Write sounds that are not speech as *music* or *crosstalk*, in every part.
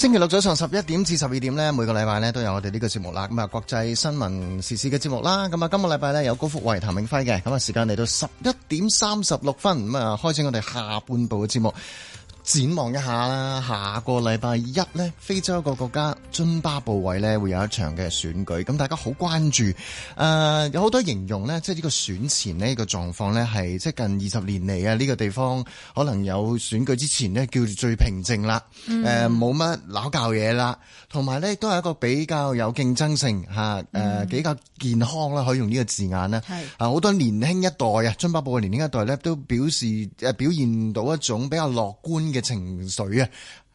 星期六早上十一點至十二點咧，每個禮拜咧都有我哋呢個節目啦。咁啊，國際新聞時事嘅節目啦。咁啊，今個禮拜咧有高福慧、譚永輝嘅。咁啊，時間嚟到十一點三十六分，咁啊，開始我哋下半部嘅節目。展望一下啦，下個禮拜一咧，非洲一個國家津巴布韋咧會有一場嘅選舉，咁大家好關注。誒、呃，有好多形容咧，即係呢個選前咧呢個狀況咧，係即係近二十年嚟啊呢個地方可能有選舉之前咧叫做最平靜啦，誒、嗯呃，冇乜鬧交嘢啦，同埋咧都係一個比較有競爭性吓，誒、呃，比較健康啦，可以用呢個字眼啦。係啊，好多年輕一代啊，津巴布韋嘅年輕一代咧都表示誒、呃、表現到一種比較樂觀嘅。情緒啊，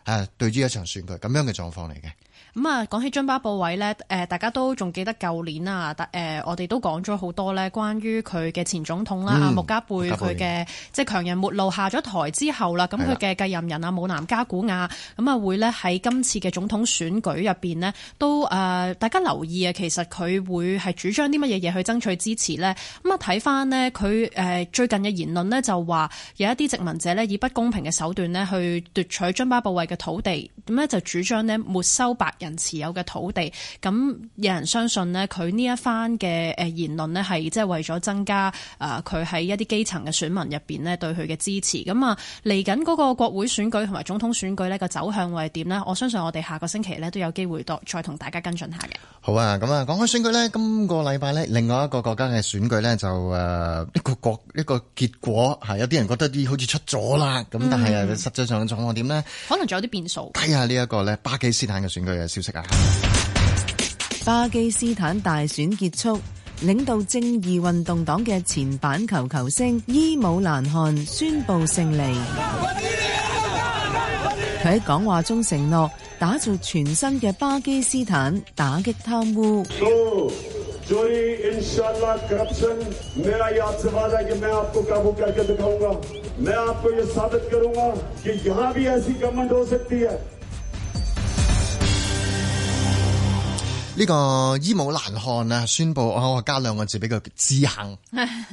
啊，對於一場選舉咁樣嘅狀況嚟嘅。咁啊，講起津巴布韋，咧，大家都仲記得舊年啊，誒、呃，我哋都講咗好多咧，關於佢嘅前總統啦，阿、嗯、穆加貝佢嘅即係強人末路下咗台之後啦，咁佢嘅繼任人啊，武南加古亞，咁啊會咧喺今次嘅總統選舉入面呢，都誒、呃，大家留意啊，其實佢會係主張啲乜嘢嘢去爭取支持咧？咁啊睇翻呢，佢最近嘅言論呢，就話有一啲殖民者呢，以不公平嘅手段呢，去奪取津巴布韋嘅土地，咁呢，就主張呢，沒收白人持有嘅土地，咁有人相信呢，佢呢一番嘅誒言論呢，係即係為咗增加誒佢喺一啲基層嘅選民入邊呢，對佢嘅支持。咁啊嚟緊嗰個國會選舉同埋總統選舉呢個走向會係點呢？我相信我哋下個星期呢都有機會再同大家跟進下嘅。好啊，咁啊講開選舉呢，今個禮拜呢，另外一個國家嘅選舉呢，就誒一個國一個結果係有啲人覺得好似出咗啦，咁、嗯、但係實際上嘅狀況點呢？可能仲有啲變數。睇下呢、這、一個呢巴基斯坦嘅選舉。消息啊！巴基斯坦大選結束，領導正義運動黨嘅前板球球星伊姆蘭汗宣佈勝利。佢喺講話中承諾打造全新嘅巴基斯坦打擊貪，打擊貪污。呢、這個伊姆蘭汗啊，宣布我、哦、加兩個字俾佢，自行，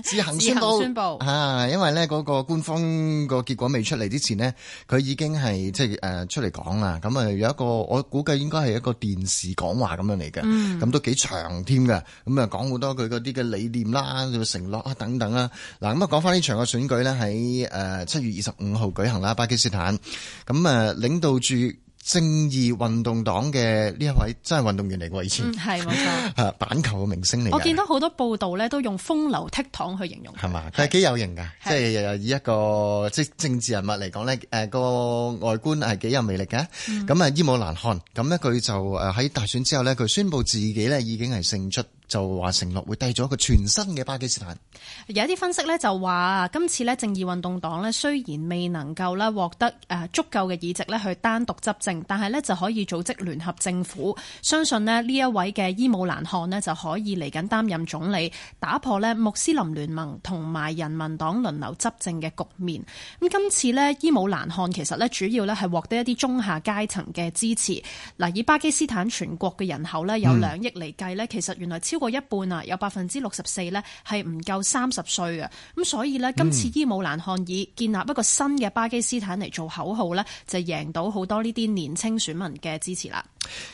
自行宣布， *laughs* 行宣布、啊、因為咧嗰個官方個結果未出嚟，之前呢，佢已經係即係誒出嚟講啦。咁啊有一個，我估計應該係一個電視講話咁樣嚟嘅，咁都幾長添嘅。咁啊講好多佢嗰啲嘅理念啦，承諾啊等等啦。嗱咁啊講翻呢場嘅選舉咧，喺誒七月二十五號舉行啦，巴基斯坦咁啊領導住正義運動黨嘅呢一位真係運動員嚟嘅，以前係冇錯，嗯、錯 *laughs* 板球嘅明星嚟。我見到好多報道咧，都用風流倜儻去形容，係嘛？佢係幾有型噶，即係以一個即係政治人物嚟講咧，誒個、呃、外觀係幾有魅力嘅，咁啊伊姆蘭汗。咁呢，佢就誒喺大選之後呢，佢宣布自己呢已經係勝出。就話承諾會締造一個全新嘅巴基斯坦。有一啲分析呢，就話今次呢，正義運動黨呢，雖然未能夠呢獲得誒足夠嘅議席呢去單獨執政，但係呢，就可以組織聯合政府。相信呢一位嘅伊姆蘭汗呢，就可以嚟緊擔任總理，打破呢穆斯林聯盟同埋人民黨輪流執政嘅局面。咁今次呢，伊姆蘭汗其實呢，主要呢，係獲得一啲中下階層嘅支持。嗱，以巴基斯坦全國嘅人口呢，有兩億嚟計呢，其實原來超。過一半啊，有百分之六十四呢係唔夠三十歲嘅，咁所以呢，今次伊姆蘭汗以建立一個新嘅巴基斯坦嚟做口號呢，就贏到好多呢啲年青選民嘅支持啦。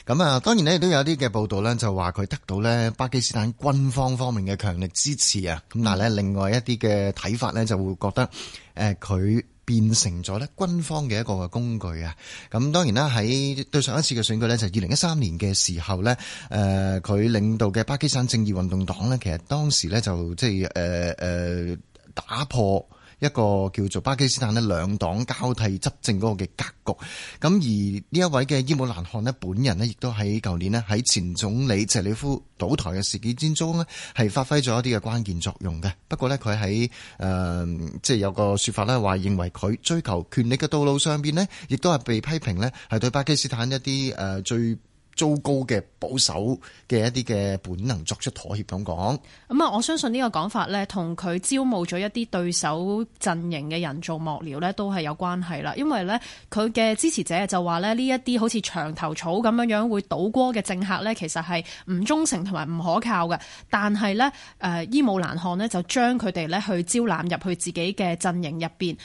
咁、嗯、啊，當然呢都有啲嘅報道呢，就話佢得到呢巴基斯坦軍方方面嘅強力支持啊，咁但係呢，另外一啲嘅睇法呢，就會覺得誒佢。變成咗咧軍方嘅一個工具啊！咁當然啦，喺對上一次嘅選舉呢，就係二零一三年嘅時候呢，誒、呃、佢領導嘅巴基斯坦正義運動黨呢，其實當時呢，就即係誒誒打破一個叫做巴基斯坦呢兩黨交替執政嗰個嘅格局，咁而呢一位嘅伊姆蘭汗呢，本人呢亦都喺舊年呢，喺前總理謝里夫倒台嘅事件之中呢，係發揮咗一啲嘅關鍵作用嘅。不過呢，佢喺誒即係有個說法呢，話認為佢追求權力嘅道路上邊，呢亦都係被批評呢係對巴基斯坦一啲誒最糟糕嘅保守嘅一啲嘅本能作出妥協，咁講咁啊，我相信呢個講法咧，同佢招募咗一啲對手陣營嘅人做幕僚咧，都係有關係啦。因為咧，佢嘅支持者就話咧，呢一啲好似牆頭草咁樣樣會倒戈嘅政客咧，其實係唔忠誠同埋唔可靠嘅。但係咧，誒，伊姆蘭汗咧就將佢哋咧去招攬入去自己嘅陣營入邊，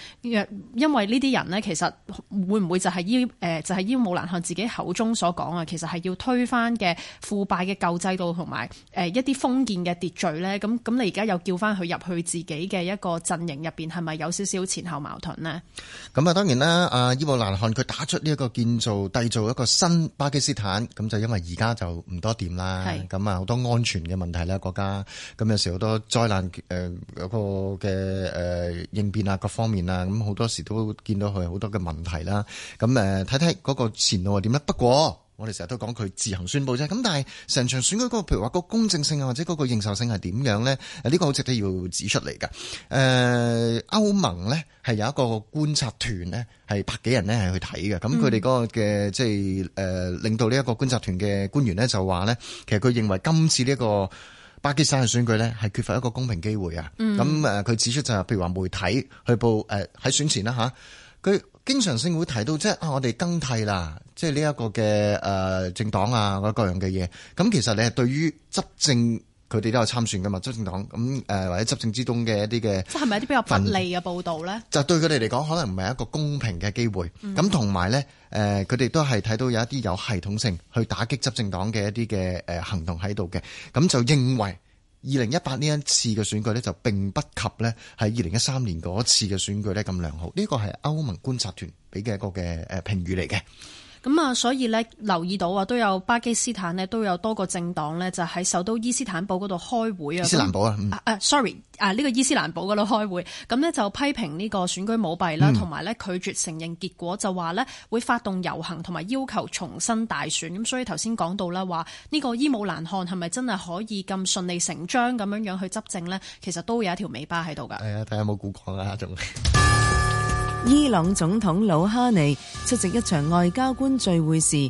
因為呢啲人咧其實會唔會就係伊誒就係伊姆蘭汗自己口中所講啊，其實係。要推翻嘅腐敗嘅舊制度，同埋誒一啲封建嘅秩序咧。咁咁，你而家又叫翻佢入去自己嘅一個陣營入邊，係咪有少少前後矛盾呢？咁啊，當然啦。阿伊布蘭汗佢打出呢一個建造、締造一個新巴基斯坦，咁就因為而家就唔多掂啦。咁啊，好多安全嘅問題啦，國家咁有時好多災難誒，嗰個嘅誒應變啊，各方面啊，咁好多時都見到佢好多嘅問題啦。咁誒，睇睇嗰個前路係點啦。不過，我哋成日都講佢自行宣布啫，咁但係成場選舉嗰個，譬如話個公正性啊，或者嗰個認受性係點樣咧？誒，呢個好值得要指出嚟噶。誒、呃，歐盟咧係有一個觀察團咧，係百幾人咧係去睇嘅。咁佢哋嗰個嘅即係誒，領導呢一個觀察團嘅官員咧就話咧，其實佢認為今次呢個巴基斯坦嘅選舉咧係缺乏一個公平機會啊。咁、嗯、誒，佢指出就係、是、譬如話媒體去報誒喺、呃、選前啦吓，佢、啊、經常性會提到即係啊，我哋更替啦。即係呢一個嘅誒、呃、政黨啊，各樣嘅嘢。咁其實你係對於執政佢哋都有參選㗎嘛？執政黨咁誒、呃，或者執政之東嘅一啲嘅，即係咪一啲比較不利嘅報導咧？就對佢哋嚟講，可能唔係一個公平嘅機會。咁同埋咧，誒佢哋都係睇到有一啲有系統性去打擊執政黨嘅一啲嘅誒行動喺度嘅。咁就認為二零一八年一次嘅選舉咧，就並不及咧喺二零一三年嗰次嘅選舉咧咁良好。呢個係歐盟觀察團俾嘅一個嘅誒評語嚟嘅。咁啊，所以咧留意到啊，都有巴基斯坦呢，都有多個政黨呢，就喺首都伊斯坦堡嗰度開會啊。伊斯蘭堡啊，啊，sorry，啊呢、這個伊斯蘭堡嗰度開會，咁呢就批評呢個選舉舞弊啦，同埋咧拒絕承認結果，就話呢會發動遊行同埋要求重新大選。咁所以頭先講到啦，話呢個伊姆蘭汗係咪真係可以咁順理成章咁樣樣去執政呢？其實都有一條尾巴喺度噶。係、哎、啊，睇下有冇古礦啊，仲。 *laughs* 伊朗總統魯哈尼出席一場外交官聚會時。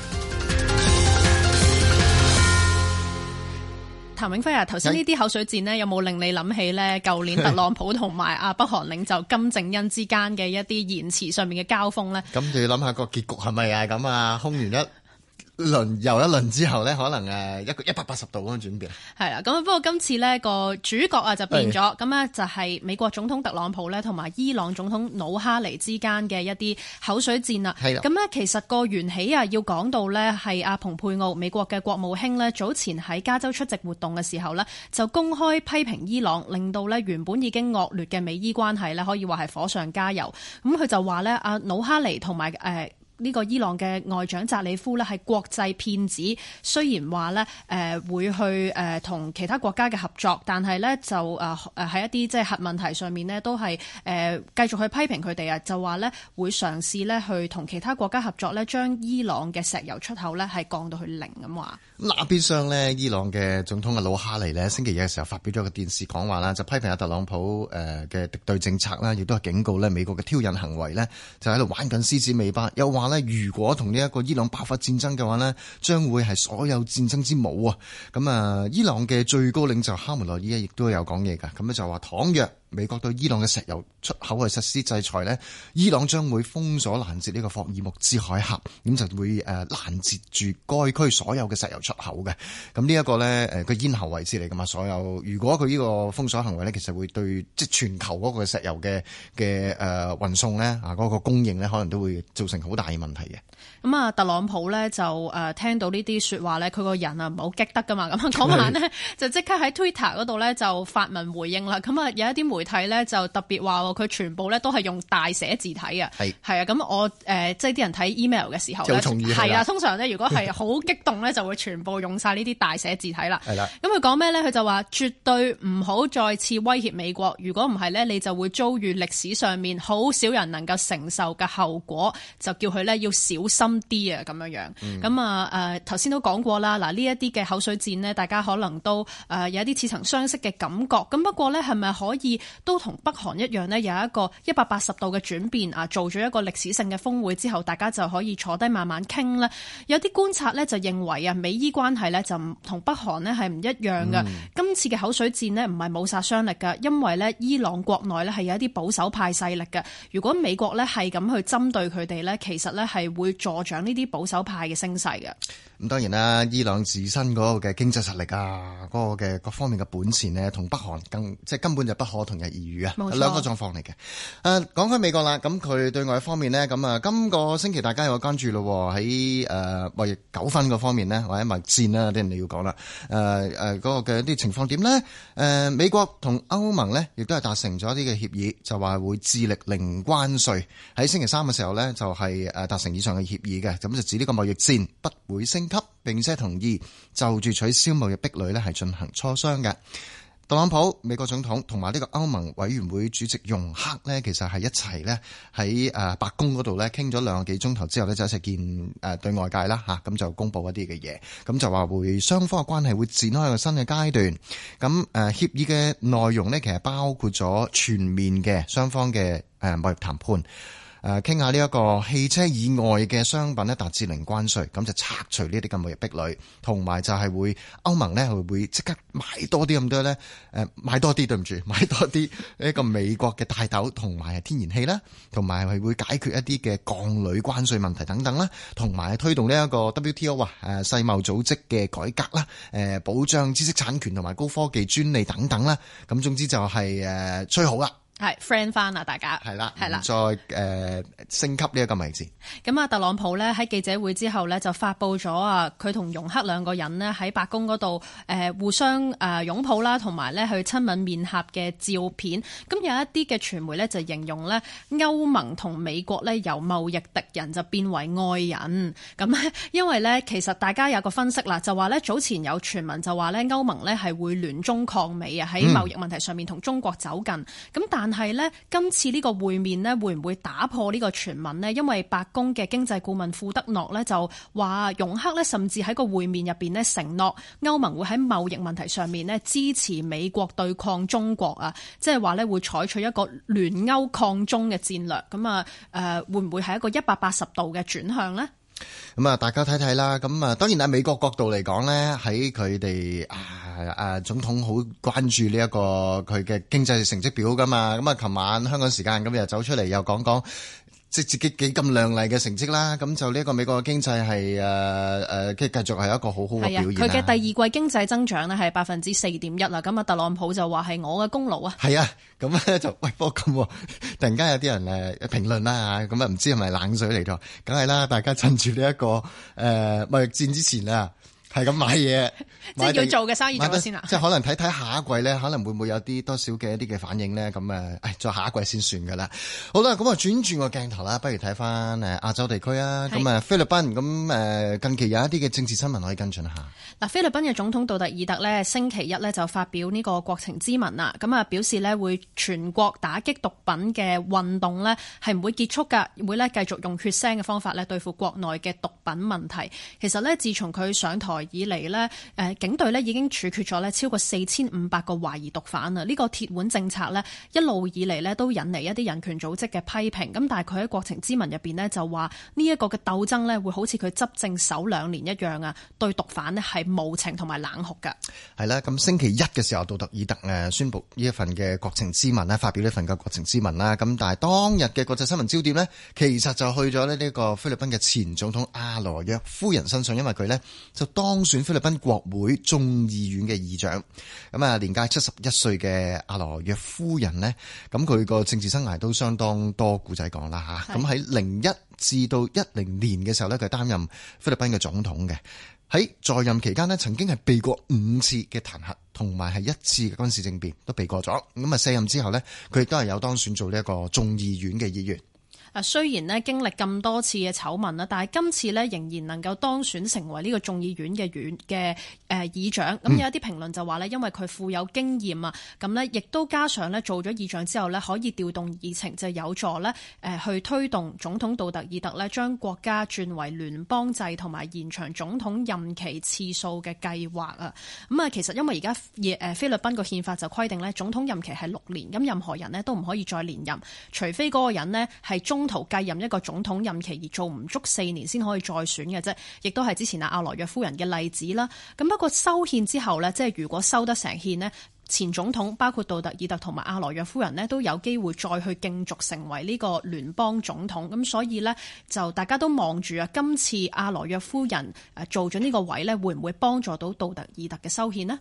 譚永輝啊，頭先呢啲口水戰咧，有冇令你諗起咧？舊年特朗普同埋啊北韓領袖金正恩之間嘅一啲言辭上面嘅交鋒咧？咁、嗯、就要諗下個結局係咪啊？咁啊？空完一。輪一輪之後呢，可能誒，一個一百八十度咁嘅轉變。係啦，咁不過今次呢個主角啊就變咗，咁呢就係美國總統特朗普呢同埋伊朗總統魯哈尼之間嘅一啲口水戰啦。係啦，咁其實個緣起啊要講到呢係阿、啊、蓬佩奧美國嘅國務卿呢早前喺加州出席活動嘅時候呢就公開批評伊朗，令到呢原本已經惡劣嘅美伊關係呢可以話係火上加油。咁佢就話呢阿、啊、魯哈尼同埋，誒。呃呢個伊朗嘅外長扎里夫咧係國際騙子，雖然話咧誒會去誒同其他國家嘅合作，但係咧就誒誒喺一啲即係核問題上面咧都係誒繼續去批評佢哋啊，就話咧會嘗試咧去同其他國家合作咧，將伊朗嘅石油出口咧係降到去零咁話，嗱，邊上咧伊朗嘅總統嘅魯哈尼咧星期日嘅時候發表咗個電視講話啦，就批評阿特朗普誒嘅敵對政策啦，亦都係警告咧美國嘅挑釁行為咧就喺度玩緊獅子尾巴，又話。如果同呢一個伊朗爆發戰爭嘅話呢，將會係所有戰爭之母啊！咁啊，伊朗嘅最高領袖哈梅內伊啊，亦都有講嘢噶，咁咧就話倘若。美國對伊朗嘅石油出口係實施制裁呢，伊朗將會封鎖攔截呢個霍爾木茲海峽，咁就會誒攔截住該區所有嘅石油出口嘅。咁呢一個呢，誒個咽喉位置嚟噶嘛，所有如果佢呢個封鎖行為呢，其實會對即係全球嗰個石油嘅嘅誒運送呢啊，嗰個供應呢，可能都會造成好大嘅問題嘅。咁啊，特朗普呢就誒聽到呢啲説話呢，佢個人啊唔係好激得噶嘛，咁嗰晚呢就即刻喺 Twitter 嗰度呢，就發文回應啦。咁啊有一啲媒媒體咧就特別話，佢全部咧都係用大寫字體嘅，係啊。咁我誒、呃、即係啲人睇 email 嘅時候咧，係啊。通常咧，如果係好激動咧， *laughs* 就會全部用晒呢啲大寫字體啦。係啦。咁佢講咩咧？佢就話絕對唔好再次威脅美國，如果唔係咧，你就會遭遇歷史上面好少人能夠承受嘅後果。就叫佢咧要小心啲啊，咁樣樣。咁啊誒，頭先都講過啦。嗱，呢一啲嘅口水戰呢，大家可能都誒有一啲似曾相識嘅感覺。咁不過咧，係咪可以？都同北韓一樣呢，有一個一百八十度嘅轉變啊，做咗一個歷史性嘅峰會之後，大家就可以坐低慢慢傾啦。有啲觀察呢就認為啊，美伊關係呢就唔同北韓呢係唔一樣㗎、嗯。今次嘅口水戰呢唔係冇殺傷力㗎，因為呢伊朗國內呢係有一啲保守派勢力嘅。如果美國呢係咁去針對佢哋呢，其實呢係會助長呢啲保守派嘅聲勢嘅。咁當然啦，伊朗自身嗰個嘅經濟實力啊，嗰、嗰個嘅各方面嘅本錢呢，同北韓更即係根本就不可同日而語啊，兩個狀況嚟嘅。誒、啊，講返美國啦，咁佢對外方面呢，咁啊，今個星期大家有關注咯喎，喺誒貿易糾紛嗰方面呢，或者貿易戰啦啲人哋要講啦，誒、啊、嗰、嗰個嘅啲情況點呢？誒、啊，美國同歐盟呢，亦都係達成咗一啲嘅協議，就話會致力零關稅。喺星期三嘅時候呢，就係誒達成以上嘅協議嘅，咁就指呢個貿易戰不會升。及並且同意就住取消貿易壁壘呢，係進行磋商嘅。特朗普美國總統同埋呢個歐盟委員會主席容克呢，其實係一齊呢喺誒白宮嗰度呢傾咗兩個幾鐘頭之後呢，就一齊見誒對外界啦吓，咁就公布一啲嘅嘢，咁就話會雙方嘅關係會展開一個新嘅階段。咁誒協議嘅內容呢，其實包括咗全面嘅雙方嘅誒貿易談判。誒，傾下呢一個汽車以外嘅商品咧，達至零關稅，咁就拆除呢啲咁嘅壁壘，同埋就係會歐盟咧，會會即刻買多啲咁多咧，誒買多啲，對唔住，買多啲呢個美國嘅大豆同埋係天然氣啦，同埋係會解決一啲嘅鋼鋁關稅問題等等啦，同埋係推動呢一個 WTO 啊，誒世貿組織嘅改革啦，誒保障知識產權同埋高科技專利等等啦，咁總之就係誒吹好啦。係 friend 翻啦，大家係啦，係啦，再誒、呃、升級呢一個名字。咁啊，特朗普咧喺記者會之後咧，就發佈咗啊，佢同容克兩個人呢，喺白宮嗰度誒互相誒擁抱啦，同埋咧去親吻面頰嘅照片。咁有一啲嘅傳媒咧就形容咧，歐盟同美國咧由貿易敵人就變為愛人。咁因為咧其實大家有個分析啦，就話咧早前有傳聞就話咧歐盟咧係會聯中抗美啊，喺貿易問題上面同中國走近。咁、嗯、但但係呢今次呢個會面呢會唔會打破個傳聞，呢個傳聞呢因為白宮嘅經濟顧問庫德洛呢就話，容克呢甚至喺個會面入邊呢承諾，歐盟會喺貿易問題上面呢支持美國對抗中國啊，即係話呢會採取一個聯歐抗中嘅戰略。咁啊，誒、呃，會唔會係一個一百八十度嘅轉向呢？咁啊，大家睇睇啦。咁啊，當然喺美國角度，嚟講咧，喺佢哋啊啊總統好關注呢、這、一個佢嘅經濟成績表噶嘛。咁啊，琴晚香港時間咁又走出嚟又講講。即自己幾咁靚麗嘅成績啦，咁就呢一個美國嘅經濟係誒誒，繼續係一個好好嘅表現。佢嘅第二季經濟增長呢係百分之四點一啦，咁啊特朗普就話係我嘅功勞啊。係啊，咁咧就喂，不過咁突然間有啲人誒評論啦吓，咁啊唔知係咪冷水嚟咗？梗係啦，大家趁住呢一個誒貿易戰之前啊。係咁買嘢，即係要做嘅生意做先啦。即係可能睇睇下一季咧，可能會唔會有啲多少嘅一啲嘅反應咧？咁誒、誒，再下一季先算噶啦。好啦，咁啊轉轉個鏡頭啦，不如睇翻誒亞洲地區啊。咁啊菲律賓咁誒近期有一啲嘅政治新聞可以跟進下。嗱，菲律賓嘅總統杜特爾特呢，星期一咧就發表呢個國情諮文啦。咁啊表示呢，會全國打擊毒品嘅運動呢，係唔會結束噶，會呢繼續用血腥嘅方法呢，對付國內嘅毒品問題。其實呢，自從佢上台。以嚟呢，警隊呢已經處決咗超過四千五百個懷疑毒販啦。呢個鐵腕政策呢，一路以嚟呢都引嚟一啲人權組織嘅批評。咁但係佢喺國情諮文入面呢就話呢，一個嘅鬥爭呢會好似佢執政首兩年一樣啊，對毒販呢係無情同埋冷酷㗎。係啦，咁星期一嘅時候杜特爾特宣布呢，一份嘅國情諮文呢，發表呢份嘅國情諮文啦。咁但係當日嘅國際新聞焦點呢，其實就去咗呢呢個菲律賓嘅前總統阿羅約夫人身上，因為佢呢，就當當選菲律賓國會眾議院嘅議長，咁啊，年屆七十一歲嘅阿羅約夫人呢，咁佢個政治生涯都相當多故仔講啦吓。咁喺零一至到一零年嘅時候呢，佢擔任菲律賓嘅總統嘅。喺在，在任期間呢，曾經係避過五次嘅彈劾，同埋係一次嘅軍事政變都避過咗。咁啊卸任之後呢，佢亦都係有當選做呢一個眾議院嘅議員。啊，雖然呢經歷咁多次嘅醜聞啦，但係今次呢仍然能夠當選成為呢個眾議院嘅議嘅誒議長。咁、嗯、有一啲評論就話呢，因為佢富有經驗啊，咁呢亦都加上呢做咗議長之後呢可以調動議程，就是、有助呢誒去推動總統杜特爾特呢將國家轉為聯邦制同埋延長總統任期次數嘅計劃啊。咁啊，其實因為而家誒菲律賓個憲法就規定呢總統任期係六年，咁任何人呢都唔可以再連任，除非嗰個人呢係中。中途繼任一個總統任期而做唔足四年，先可以再選嘅啫。亦都係之前阿阿羅約夫人嘅例子啦。咁不過修憲之後咧，即係如果修得成憲咧，前總統包括杜特爾特同埋阿羅約夫人咧都有機會再去競逐成為呢個聯邦總統。咁所以呢，就大家都望住啊，今次阿羅約夫人誒做咗呢個位咧，會唔會幫助到杜特爾特嘅修憲呢？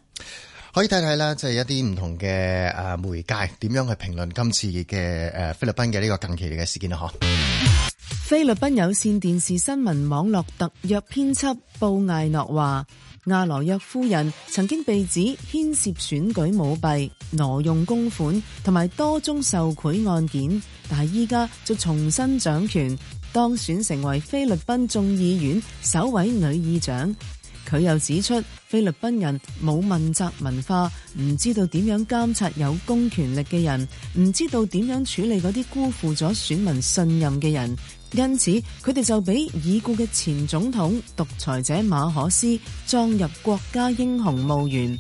可以睇睇啦，即係一啲唔同嘅，誒媒介點樣去評論今次嘅誒菲律賓嘅呢個近期嘅事件啦，嗬。菲律賓有線電視新聞網絡特約編輯布艾諾話，阿羅約夫人曾經被指牽涉選舉舞弊、挪用公款同埋多宗受賄案件，但係依家就重新掌權，當選成為菲律賓眾議院首位女議長。佢又指出，菲律賓人冇問責文化，唔知道點樣監察有公權力嘅人，唔知道點樣處理嗰啲辜負咗選民信任嘅人，因此佢哋就俾已故嘅前總統獨裁者馬可斯葬入國家英雄墓園。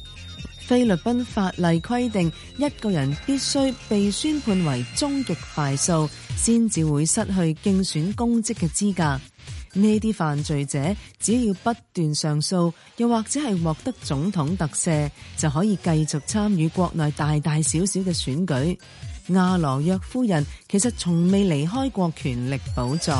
菲律賓法例規定，一個人必須被宣判為終極敗訴，先至會失去競選公職嘅資格。呢啲犯罪者只要不斷上訴，又或者係獲得總統特赦，就可以繼續參與國內大大小小嘅選舉。阿羅約夫人其實從未離開過權力寶座。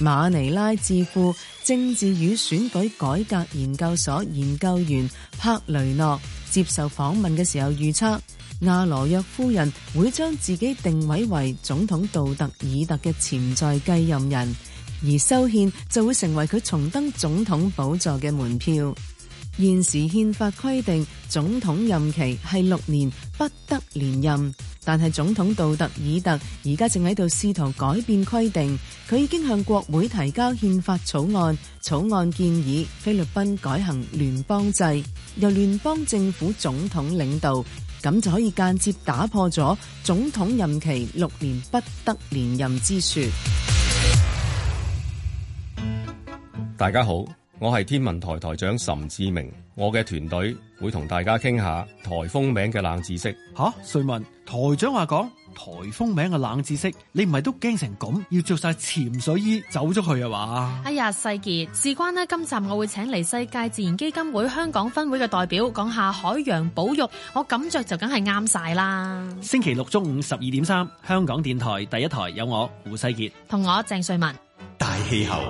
馬尼拉智庫政治與選舉改革研究所研究員帕雷諾接受訪問嘅時候預測。阿羅約夫人會將自己定位為總統杜特爾特嘅潛在繼任人，而修憲就會成為佢重登總統寶座嘅門票。現時憲法規定總統任期係六年，不得連任。但係總統杜特爾特而家正喺度試圖改變規定，佢已經向國會提交憲法草案，草案建議菲律賓改行聯邦制，由聯邦政府總統領導。咁就可以間接打破咗總統任期六年不得連任之說。大家好，我係天文台台長岑志明，我嘅團隊會同大家傾下台風名嘅冷知識。吓，誰問，台長話講。颱風名嘅冷知識，你唔係都驚成咁，要着晒潛水衣走咗去啊，話哎呀，世杰，事關呢，今集我會請嚟世界自然基金會香港分會嘅代表講下海洋保育，我感覺，就梗係啱晒啦。星期六中午十二點三，香港電台第一台有我胡世杰同我鄭瑞文大氣候。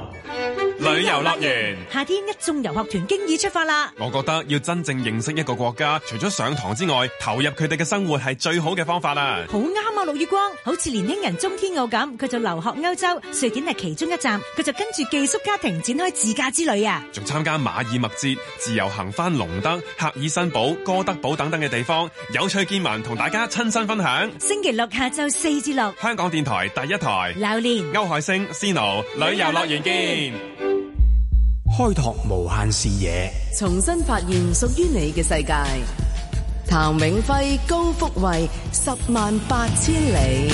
旅遊樂園，夏天一眾遊學團經已出發啦。我覺得要真正認識一個國家，除咗上堂之外，投入佢哋嘅生活係最好嘅方法啦、啊啊。好啱啊！陸月光好似年輕人中天傲咁，佢就留學歐洲，瑞典係其中一站，佢就跟住寄宿家庭展開自駕之旅啊！仲參加馬爾默節，自由行翻隆德、哈爾辛堡、哥德堡等等嘅地方，有趣見聞同大家親身分享。星期六下晝四至六，香港電台第一台，劉年歐海星、Sino，旅遊樂園見。開拓無限視野，重新發現屬於你嘅世界。譚永輝、高福慧，十萬八千里。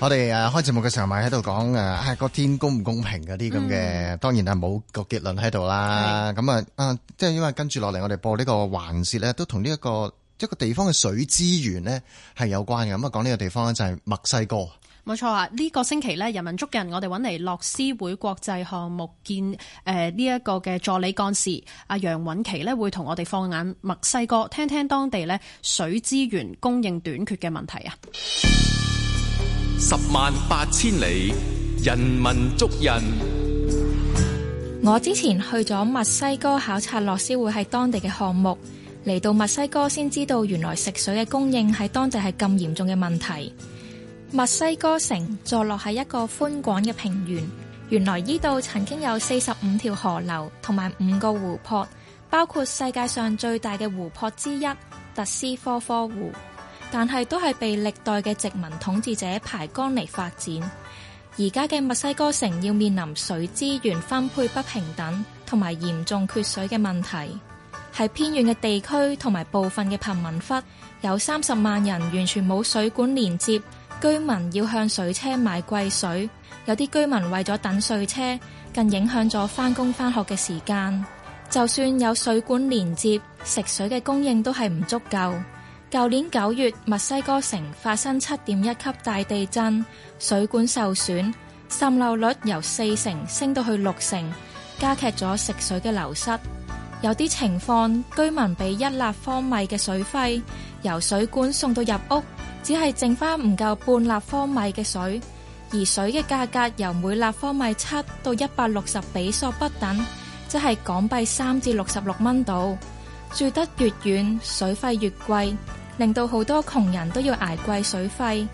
我哋啊開節目嘅時候咪喺度講啊，個天公唔公平嗰啲咁嘅，當然係冇個結論喺度啦。咁啊啊，即、嗯、係因為跟住落嚟，我哋播呢個環節咧，都同呢一個一、個地方嘅水資源咧係有關嘅。咁啊，講呢個地方咧就係、是、墨西哥。冇錯啊！呢個星期咧，人文足印，我哋揾嚟樂施會國際項目見誒呢一個嘅助理幹事阿楊允祈咧，會同我哋放眼墨西哥，聽聽當地水資源供應短缺嘅問題啊！十萬八千里，人文足印。我之前去咗墨西哥考察樂施會喺當地嘅項目，嚟到墨西哥先知道原來食水嘅供應喺當地係咁嚴重嘅問題。墨西哥城坐落喺一個寬廣嘅平原。原來呢度曾經有四十五條河流同埋五個湖泊，包括世界上最大嘅湖泊之一特斯科科湖。但係都係被歷代嘅殖民統治者排乾嚟發展。而家嘅墨西哥城要面臨水資源分配不平等同埋嚴重缺水嘅問題。喺偏遠嘅地區同埋部分嘅貧民窟有三十萬人完全冇水管連接。居民要向水車買貴水，有啲居民為咗等水車，更影響咗返工返學嘅時間。就算有水管連接食水嘅供應都是不，都係唔足夠。舊年九月，墨西哥城發生七點一級大地震，水管受損，滲漏率由四成升到去六成，加劇咗食水嘅流失。有啲情況，居民俾一立方米嘅水費，由水管送到入屋，只係剩翻唔夠半立方米嘅水。而水嘅價格由每立方米七到一百六十比索不等，即係港幣三至六十六蚊度。住得越遠，水費越貴，令到好多窮人都要挨貴水費。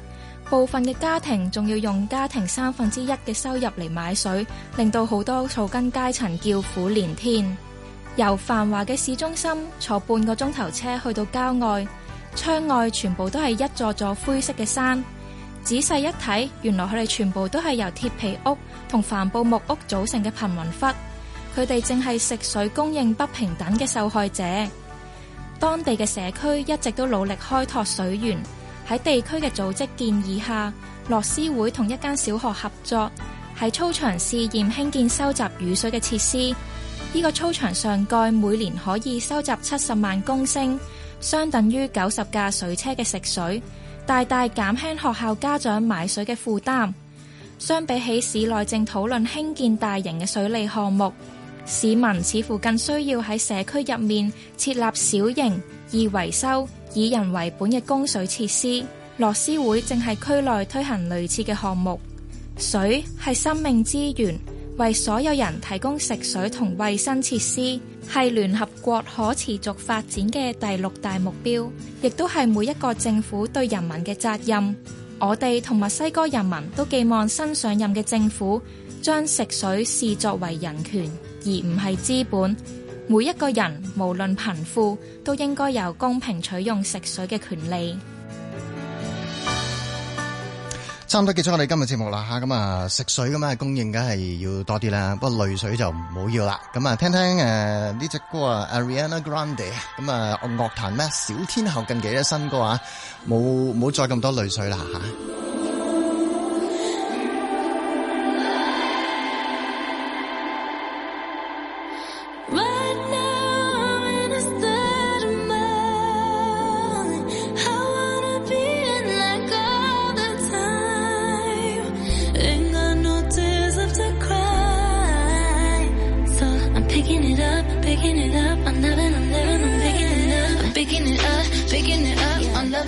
部分嘅家庭仲要用家庭三分之一嘅收入嚟買水，令到好多草根階層叫苦連天。由繁華嘅市中心坐半個鐘頭車去到郊外，窗外全部都係一座座灰色嘅山。仔細一睇，原來佢哋全部都係由鐵皮屋同帆布木屋組成嘅貧民窟。佢哋正係食水供應不平等嘅受害者。當地嘅社區一直都努力開拓水源。喺地區嘅組織建議下，樂施會同一間小學合作，喺操場試驗興建收集雨水嘅設施。呢、這個操場上蓋每年可以收集七十萬公升，相等於九十架水車嘅食水，大大減輕學校家長買水嘅負擔。相比起市內正討論興建大型嘅水利項目，市民似乎更需要喺社區入面設立小型、易維修、以人為本嘅供水設施。樂施會正係區內推行類似嘅項目。水係生命資源。為所有人提供食水同衛生設施，係聯合國可持續發展嘅第六大目標，亦都係每一個政府對人民嘅責任。我哋同墨西哥人民都寄望新上任嘅政府將食水視作為人權，而唔係資本。每一個人，無論貧富，都應該有公平取用食水嘅權利。差唔多結束我哋今日節目啦吓，咁啊食水咁啊供應，梗係要多啲啦，不過淚水就唔好要啦。咁啊聽聽誒呢隻歌啊，Ariana Grande，咁啊樂壇咩小天后近期嘅近幾日嘅新歌啊，冇冇再咁多淚水啦吓。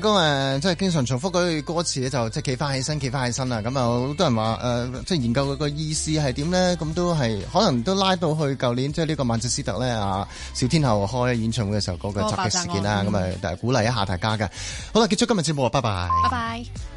咁誒，即係經常重複嗰句歌詞咧，就即係企翻起身，企翻起身啦。咁啊，好多人話誒，即、呃、係研究佢個意思係點咧，咁都係可能都拉到去舊年，即係呢個曼徹斯特咧啊，小天后開演唱會嘅時候嗰、那個襲擊事件啦。咁啊，但係鼓勵一下大家嘅、嗯。好啦，結束今日節目啊，拜拜。拜拜。